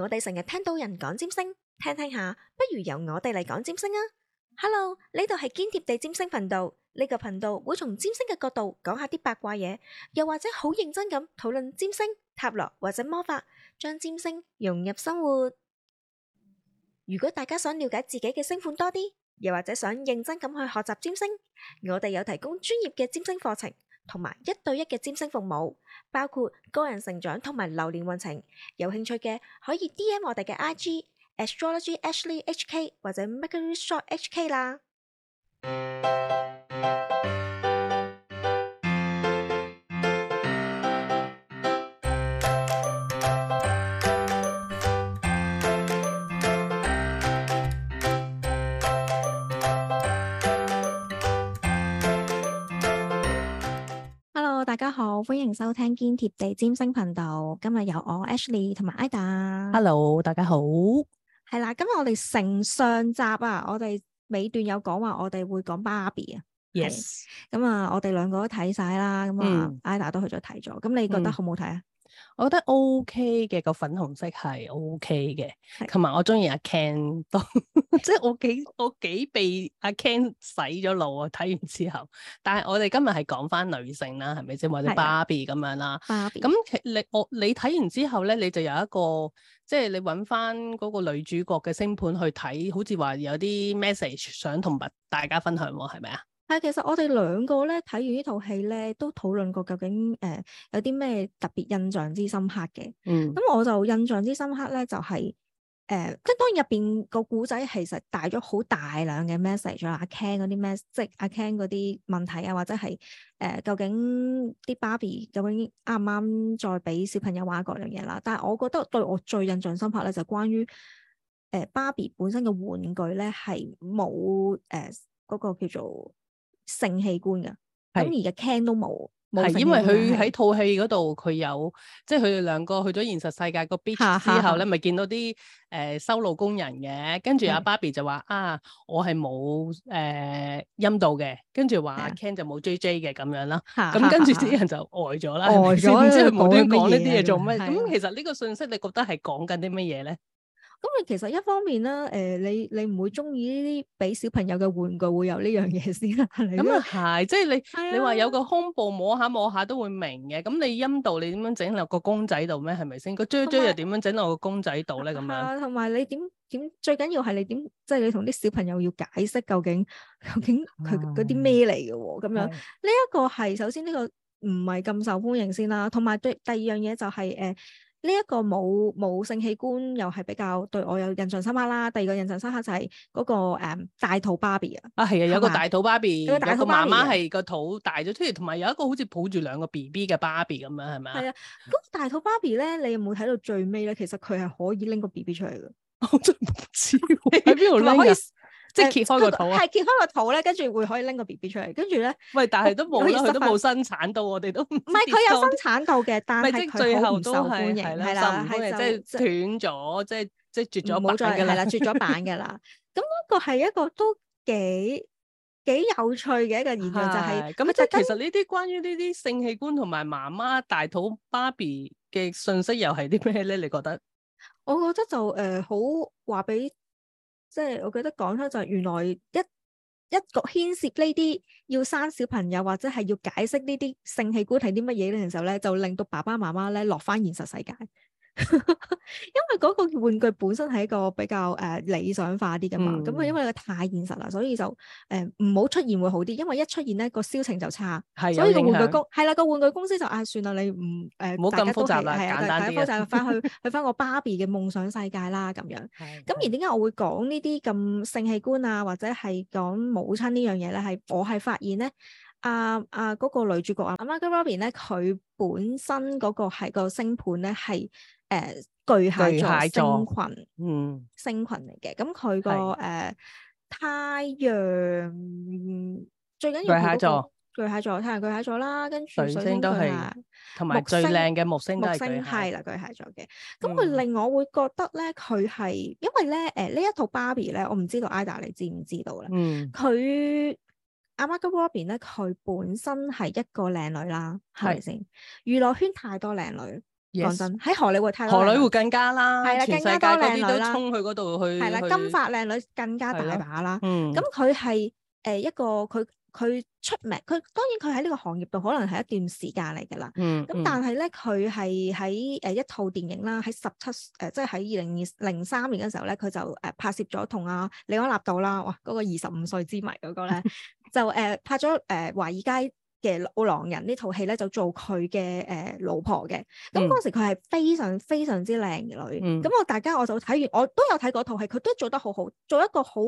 我哋成日聽到人講占星，聽聽下，不如由我哋嚟講占星啊！Hello，呢度係堅貼地占星頻道，呢個頻道會從占星嘅角度講下啲八卦嘢，又或者好認真咁討論占星、塔羅或者魔法，將占星融入生活。如果大家想了解自己嘅星盤多啲，又或者想認真咁去學習占星，我哋有提供專業嘅占星課程。同埋一對一嘅占星服務，包括個人成長同埋流年運程。有興趣嘅可以 DM 我哋嘅 IG Astrology Ashley HK 或者 Mercury Shop HK 啦。大家好，歡迎收聽堅貼地占星頻道。今日有我 Ashley 同埋 Ida。Hello，大家好。係啦，今日我哋成上集啊，我哋尾段有講話 Yes.，我哋會講芭比啊。Yes、嗯。咁啊、嗯，我哋兩個都睇晒啦。咁啊 Ida 都去咗睇咗。咁你覺得好唔好睇啊？我覺得 OK 嘅，個粉紅色係 OK 嘅，同埋的我中意阿 Ken 多，即係我幾我幾被阿 Ken 洗咗腦啊！睇完之後，但係我哋今日係講翻女性啦，係咪先？的或者芭比咁樣啦，芭比咁，你我你睇完之後咧，你就有一個即係、就是、你揾翻嗰個女主角嘅星盤去睇，好似話有啲 message 想同大大家分享喎，係咪啊？係，其實我哋兩個咧睇完戲呢套戲咧，都討論過究竟誒、呃、有啲咩特別印象之深刻嘅。咁、嗯、我就印象之深刻咧，就係、是、誒、呃，即係當然入邊個古仔其實帶咗好大量嘅 message 啦。阿 Ken 嗰啲 message，即係阿 Ken 啲問題啊，或者係誒、呃、究竟啲芭比究竟啱唔啱再俾小朋友玩嗰樣嘢啦。但係我覺得對我最印象深刻咧，就是、關於誒 b a 本身嘅玩具咧，係冇誒嗰個叫做。性器官噶，咁而家 Ken 都冇。係因為佢喺套戲嗰度佢有，即係佢哋兩個去咗現實世界個 beach 之後咧，咪見到啲誒修路工人嘅，跟住阿 Barbie 就話啊，我係冇誒陰道嘅，跟住話 Ken 就冇 JJ 嘅咁樣啦，咁跟住啲人就呆咗啦，咁即係冇得講呢啲嘢，做乜？咁其實呢個信息，你覺得係講緊啲乜嘢咧？咁你其實一方面咧，誒、呃、你你唔會中意呢啲俾小朋友嘅玩具會有呢樣嘢先啦、啊。咁啊係，即係你、啊、你話有個胸部摸下摸下都會明嘅。咁你陰道你點樣整落個公仔度咩？係咪先？個追追又點樣整落個公仔度咧？咁、啊、樣同埋你點點最緊要係你點即係你同啲小朋友要解釋究竟究竟佢嗰啲咩嚟嘅喎？咁樣呢一個係首先呢個唔係咁受歡迎先啦、啊。同埋第第二樣嘢就係、是、誒。呃呢一個冇冇性器官又係比較對我有印象深刻啦。第二個印象深刻就係嗰個、那個誒、嗯、大肚芭比啊。啊係啊，有一個大肚芭比吧，有個大肚媽媽係個肚大咗出嚟，同埋有一個好似抱住兩個 B B 嘅芭比咁樣，係咪啊？係啊，咁、那個、大肚芭比咧，你有冇睇到最尾咧？其實佢係可以拎個 B B 出嚟嘅。我真係唔知喺邊度拎嘅。里即係揭開個肚啊！係揭開個肚咧，跟住會可以拎個 B B 出嚟，跟住咧。喂，但係都冇，佢都冇生產到，我哋都唔。唔係，佢有生產到嘅，但係最後都係係啦，係即係斷咗，即係即係絕咗冇。冇錯噶啦，絕咗版噶啦。咁嗰個係一個都幾幾有趣嘅一個現象，就係咁即係。其實呢啲關於呢啲性器官同埋媽媽大肚 Barbie 嘅訊息，又係啲咩咧？你覺得？我覺得就誒，好話俾。即係我覺得講出就係原來一一個牽涉呢啲要生小朋友或者係要解釋呢啲性器官睇啲乜嘢嘅時候咧，就令到爸爸媽媽咧落翻現實世界。 因為嗰個玩具本身係一個比較誒、呃、理想化啲噶嘛，咁啊、嗯、因為佢太現實啦，所以就誒唔好出現會好啲，因為一出現咧、個銷情就差，所以個玩具公係啦、個玩具公司就啊算啦，你唔誒唔好咁複雜啦，大簡單啲，返去 去返個芭比嘅夢想世界啦咁樣，咁 而點解我會講呢啲咁性器官啊或者係講母親呢樣嘢咧？係我係發現咧。啊啊！嗰、啊那個女主角啊，阿 Margot Robbie 咧，佢本身嗰個係、那個星盤咧，係誒巨蟹座星群，嗯，星群嚟嘅。咁佢、那個誒是、呃、太陽最緊要巨蟹座，巨蟹座太陽巨蟹座啦，跟住水星都係同埋最靚嘅木星，木星都係係啦，巨蟹座嘅。咁、嗯、佢、嗯、令我會覺得咧，佢係因為咧誒呢、呃、一套 Barbie 咧，我唔知道 ida 你知唔知道啦。佢、嗯。阿 Margot Robbie 咧，佢、啊、本身係一個靚女啦，係咪是先？娛樂圈太多靚女，講真 Yes.，喺、哎、荷里活太多，荷里活更加啦，係啦的，世更加多靚女啦。衝去嗰度去，係啦的，去金髮靚女更加大把啦。咁佢係誒一個佢。佢出名，佢當然佢喺呢個行業度可能係一段時間嚟㗎啦。咁、嗯嗯、但係咧，佢係喺誒一套電影啦，喺十七誒，即係喺二零二零三年嘅時候咧，佢就誒、呃、拍攝咗同阿李安納度啦，哇嗰、嗰個二十五歲之謎嗰個咧， 就誒、呃、拍咗誒、呃、華爾街嘅老狼人呢套戲咧，就做佢嘅誒老婆嘅。咁嗰時佢係非常非常之靚女，咁、嗯、我大家我就睇完，我都有睇嗰套戲，佢都做得好好，做一個好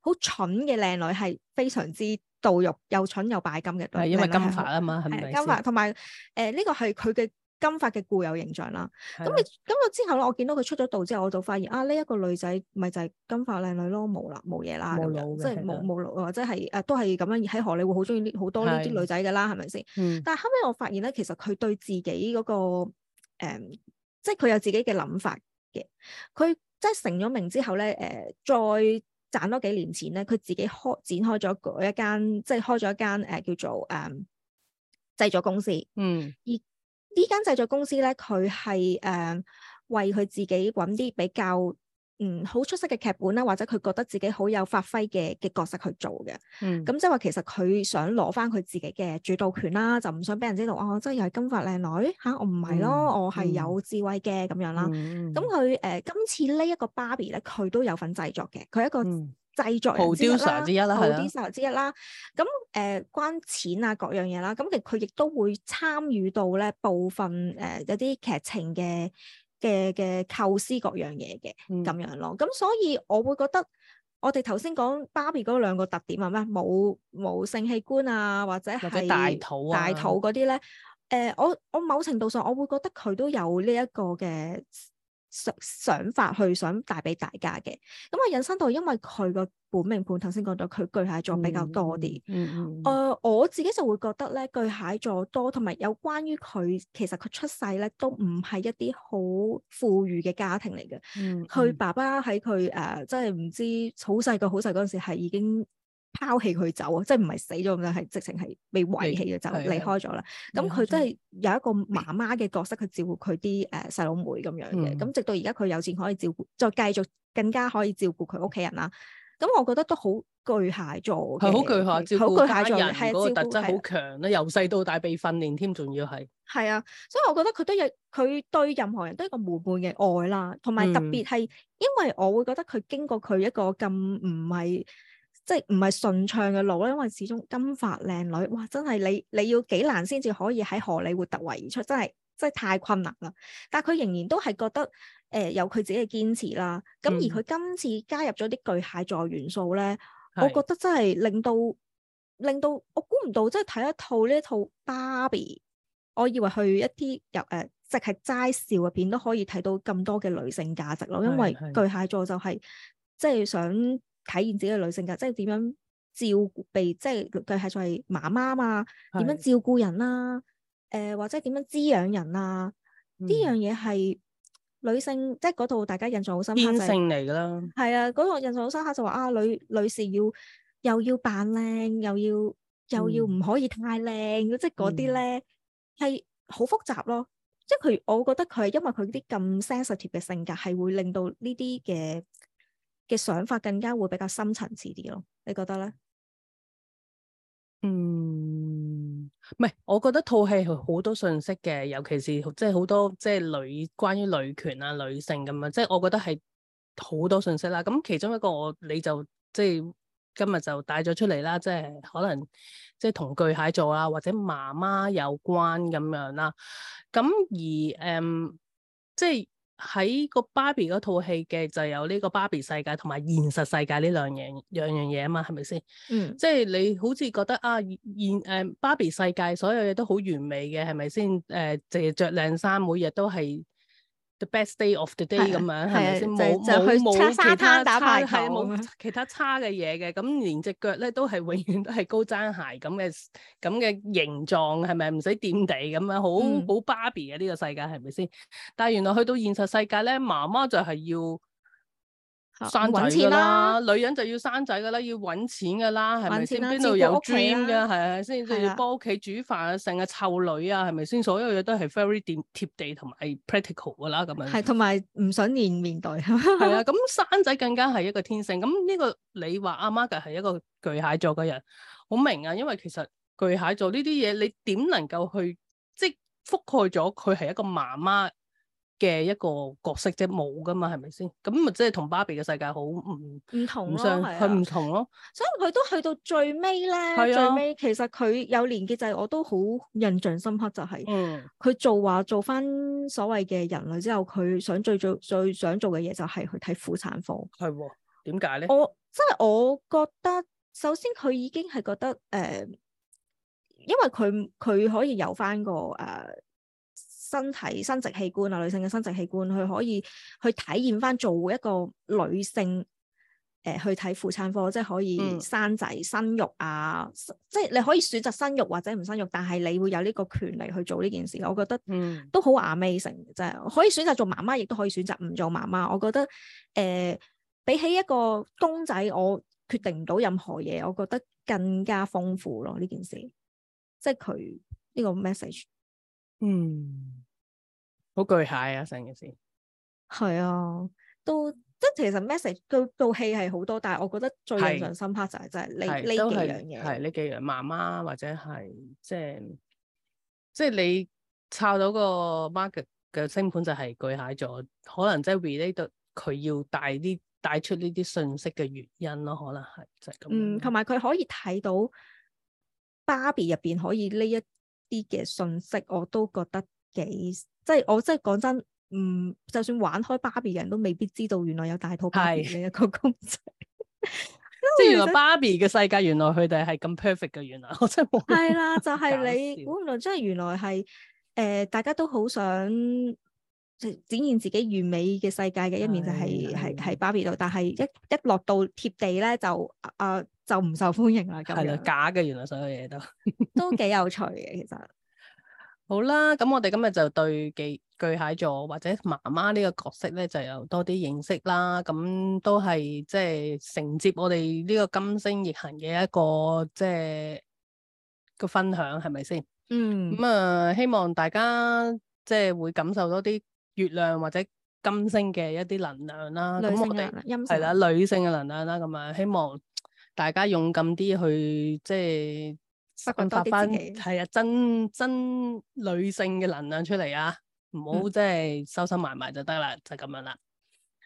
好蠢嘅靚女係非常之。盜玉又蠢又拜金嘅，係因為金髮啊嘛，係咪？金髮同埋誒，呢、呃，這個係佢嘅金髮嘅固有形象啦。咁你金咗之後咧，我見到佢出咗道之後，我就發現啊，呢、這、一個女仔咪就係金髮靚女咯，冇啦冇嘢啦，即係冇無路或者係誒，都係咁樣喺荷里活好中意呢好多呢啲女仔噶啦，係咪先？是是嗯、但係後尾我發現咧，其實佢對自己嗰、那個誒、嗯，即係佢有自己嘅諗法嘅。佢即係成咗名之後咧，誒、呃，再。賺多幾年前，咧，佢自己開展開咗嗰一間，即係開咗一間誒、呃、叫做誒、嗯、製作公司。嗯，而呢間製作公司咧，佢係誒為佢自己揾啲比較。嗯，好出色嘅劇本啦，或者佢覺得自己好有發揮嘅嘅角色去做嘅。嗯，咁即係話其實佢想攞翻佢自己嘅主導權啦，就唔想俾人知道哦，即係又係金髮靚女嚇、啊，我唔係咯，嗯、我係有智慧嘅咁樣啦。咁佢誒今次呢一個 Barbie 咧，佢都有份製作嘅，佢係一個製作人之一啦 producer 之一啦。咁誒、嗯呃、關錢啊各樣嘢啦，咁其實佢亦都會參與到咧部分誒有啲劇情嘅。嘅嘅構思各樣嘢嘅咁樣咯，咁所以我會覺得我哋頭先講芭比嗰兩個特點係咩？冇冇性器官啊，或者係大肚、啊、大肚嗰啲咧？誒、呃，我我某程度上我會覺得佢都有呢一個嘅。想想法去想帶俾大家嘅。咁啊引申到，嗯嗯、因為佢個本命盤頭先講到，佢巨蟹座比較多啲。誒、嗯嗯嗯、呃，我自己就會覺得咧，巨蟹座多，同埋有關於佢，其實佢出世咧都唔係一啲好富裕嘅家庭嚟嘅。佢、嗯嗯、爸爸喺佢誒，即係唔知好細個好細嗰陣時係已經。拋棄佢走啊，即係唔係死咗咁樣，係直情係被遺棄嘅就離開咗啦。咁佢真係有一個媽媽嘅角色去照顧佢啲誒細佬妹咁樣嘅。咁直到而家佢有錢可以照顧，再繼續更加可以照顧佢屋企人啦。咁我覺得都好巨蟹座，好巨蟹座，照顧家人嗰個特質好強啦。由細到大被訓練添，仲要係，係啊。所以我覺得佢對佢對任何人都一個滿滿嘅愛啦。同埋特別係，因為我會覺得佢經過佢一個咁唔係。即係唔係順暢嘅路啦，因為始終金髮靚女，哇！真係你你要幾難先至可以喺荷里活突圍而出，真係真係太困難啦。但係佢仍然都係覺得，誒、呃、有佢自己嘅堅持啦。咁、嗯、而佢今次加入咗啲巨蟹座元素咧，是我覺得真係令到令到我估唔到，即係睇一套呢一套芭比，我以為去一啲入誒，即係齋笑嘅片都可以睇到咁多嘅女性價值咯。因為巨蟹座就係、是、即係想。體現自己嘅女性格，即係點樣照顧被，即係佢係做係媽媽嘛？點是樣照顧人啦，啊？誒、呃，或者點樣滋養人啊？呢樣嘢係女性，即係嗰度大家印象好深刻。天性嚟噶啦？係啊，嗰度印象好深刻就話，是，啊，啊，女女士要又要扮靚，又要又要唔可以太靚，嗯，即係嗰啲咧係好複雜咯。即係佢，我覺得佢係因為佢啲咁 sensitive 嘅性格，係會令到呢啲嘅。嘅想法更加會比較深層次啲咯，你覺得咧？嗯，唔係，我覺得套戲係好多信息嘅，尤其是即係好多即係女、關於女權啊、女性咁樣，即係我覺得係好多信息啦。咁其中一個我你就即係今日就帶咗出嚟啦，即係可能即係同巨蟹座啊或者媽媽有關咁樣啦。咁而誒、嗯、即係。喺個芭比嗰套戲嘅，就有呢個芭比世界同埋現實世界呢兩樣兩樣嘢啊嘛，係咪先？嗯，即係你好似覺得啊現、誒芭比世界所有嘢都好完美嘅，係咪先？誒，淨係着靚衫，每日都係。The best day of the day 咁樣的，係咪先？冇冇冇其他差，係冇其他差嘅嘢嘅。咁連隻腳咧都係永遠都係高踭鞋咁嘅咁嘅形狀，係咪？唔使掂地咁樣，好好芭比呀，呢個世界係咪先？但係原來去到現實世界咧，媽媽就係要。生仔噶啦，女人就要生仔噶啦，要搵錢噶啦，係咪先？邊度有 dream 噶？係啊，先至要幫屋企煮飯啊，成日湊女啊，係咪先？所有嘢都係 very 掂貼地同埋 practical 噶啦，咁樣係同埋唔想面面對係啊。咁生仔更加係一個天性。咁呢個你話阿 Margot 係一個巨蟹座嘅人，好明啊。因為其實巨蟹座呢啲嘢，你點能夠去即覆蓋咗佢係一個媽媽？嘅一個角色啫，冇噶嘛，係咪先？咁咪即係同芭比嘅世界好唔唔同咯，係唔相、啊、同咯。所以佢都去到最尾咧，啊、最尾其實佢有連結就係我都好印象深刻，就係、是、佢做話、嗯、做翻所謂嘅人類之後，佢想最最最想做嘅嘢就係去睇婦產科。係喎、啊，點解咧？我即係我覺得，首先佢已經係覺得誒、呃，因為佢佢可以有翻個誒。呃身體生殖器官啊，女性嘅生殖器官，佢可以去體驗翻做一個女性，誒、呃、去睇婦產科，即係可以生仔、生育啊，即係你可以選擇生育或者唔生育，但係你會有呢個權利去做呢件事。我覺得都好 Amazing，即係可以選擇做媽媽，亦都可以選擇唔做媽媽。我覺得誒、呃、比起一個公仔，我決定唔到任何嘢，我覺得更加豐富咯。呢件事即係佢呢個 message。嗯，好巨蟹啊，成件事係啊，都即係其實 message 套、這、套、個這個、戲係好多，但係我覺得最印象深刻就係就係你呢是幾樣嘢，係呢幾樣媽媽或者係即係即係你抄到個 market 嘅聲盤就係巨蟹咗，可能即係 related 佢要帶啲帶出呢啲信息嘅原因咯，可能係就係、是、咁。嗯，同埋佢可以睇到 Barbie 入邊可以呢一。啲嘅訊息我都覺得幾，即係我即係講真，嗯，就算玩開芭比嘅人都未必知道原來有大肚芭比呢一個公仔，是 即係原來芭比嘅世界原來佢哋係咁 perfect 嘅，原來我真係冇係啦，就係、是、你估唔到，即係 原來係誒、呃，大家都好想。展現自己完美嘅世界嘅一面就係係係芭比度，但係一一落到貼地咧就啊、呃、就唔受歡迎啦咁樣，假嘅原來所有嘢都 都幾有趣嘅其實。 好啦，咁我哋今日就對巨巨蟹座或者媽媽呢個角色咧就有多啲認識啦，咁都係即係承接我哋呢個金星逆行嘅一個即係個分享係咪先？嗯，咁啊、嗯呃、希望大家即係會感受多啲。月亮或者金星嘅一啲能量啦，咁我哋係啦，女性嘅能量啦，咁啊，希望大家勇敢啲去，即係釋放翻係啊，真真女性嘅能量出嚟啊，唔好即係收收埋埋就得啦，就咁樣啦。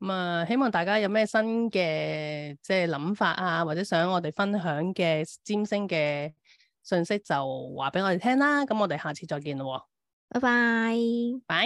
咁啊，希望大家有咩新嘅即係諗法啊，或者想我哋分享嘅占星嘅信息，就話俾我哋聽啦。咁我哋下次再見咯，拜拜 bye，拜。